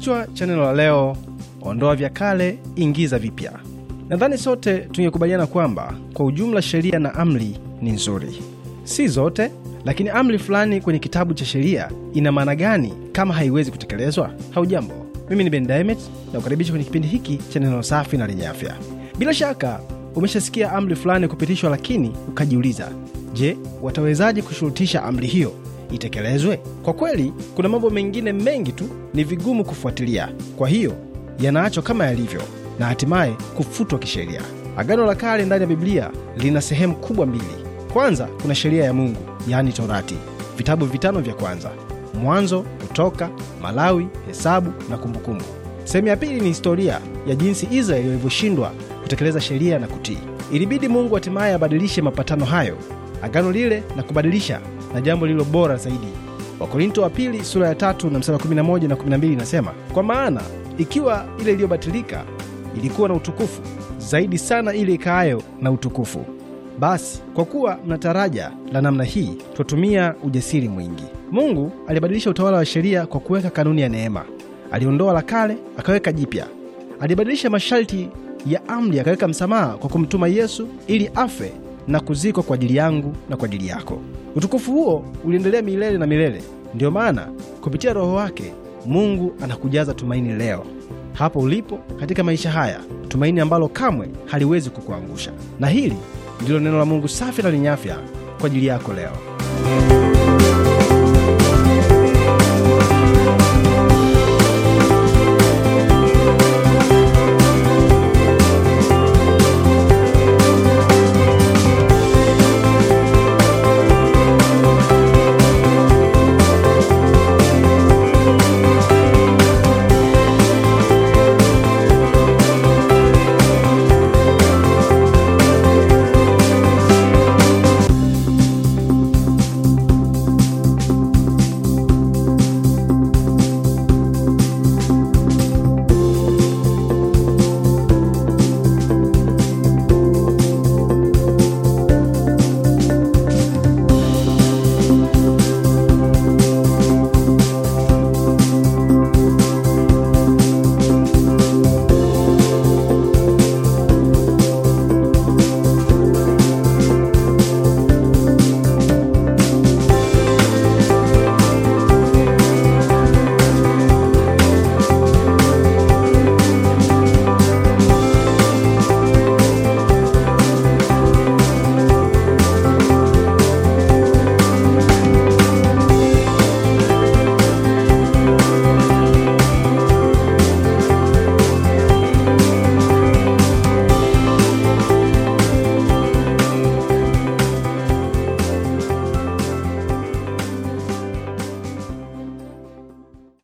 Kichwa cha neno la leo: ondoa vya kale, ingiza vipya. Nadhani sote tungekubaliana kwamba kwa ujumla sheria na amri ni nzuri, si zote lakini amri fulani kwenye kitabu cha sheria ina maana gani kama haiwezi kutekelezwa? Haujambo, mimi ni Ben Diamond na kukaribisha kwenye kipindi hiki cha neno safi na lenye afya. Bila shaka umeshasikia amri fulani kupitishwa, lakini ukajiuliza, je, watawezaje kushurutisha amri hiyo itekelezwe? Kwa kweli kuna mambo mengine mengi tu ni vigumu kufuatilia, kwa hiyo yanaachwa kama yalivyo na hatimaye kufutwa kisheria. Agano la Kale ndani ya Biblia lina sehemu kubwa mbili. Kwanza kuna sheria ya Mungu, yaani Torati, vitabu vitano vya kwanza: Mwanzo, Kutoka, Malawi, Hesabu na Kumbukumbu. Sehemu ya pili ni historia ya jinsi Israeli walivyoshindwa kutekeleza sheria na kutii. Ilibidi Mungu hatimaye abadilishe mapatano hayo, agano lile, na kubadilisha na jambo lililo bora zaidi. Wakorinto wa pili sura ya tatu na mstari 11 na 12 inasema, kwa maana ikiwa ile iliyobatilika ilikuwa na utukufu zaidi sana ile ikaayo na utukufu, basi kwa kuwa mna taraja la namna hii, twatumia ujasiri mwingi. Mungu alibadilisha utawala wa sheria kwa kuweka kanuni ya neema. Aliondoa la kale akaweka jipya. Alibadilisha masharti ya amri akaweka msamaha kwa kumtuma Yesu ili afe na kuzikwa kwa ajili yangu na kwa ajili yako. Utukufu huo uliendelea milele na milele. Ndiyo maana kupitia Roho wake Mungu anakujaza tumaini leo hapo ulipo katika maisha haya, tumaini ambalo kamwe haliwezi kukuangusha. Na hili ndilo neno la Mungu safi na lenye afya kwa ajili yako leo.